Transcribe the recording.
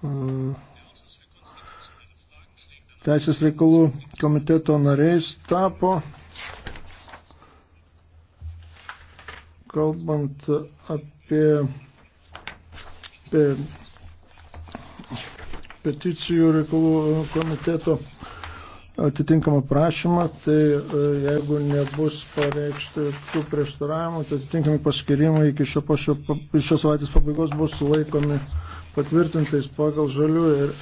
Mm. Teisės reikalų komiteto nariais tapo, kalbant apie, apie peticijų reikalų komiteto atitinkamą prašymą, tai e, jeigu nebus pareikšta jokių prieštaravimų, tai atitinkami paskirimai iki šio, šio, šios savaitės pabaigos bus laikomi patvirtintais pagal žaliųjų ir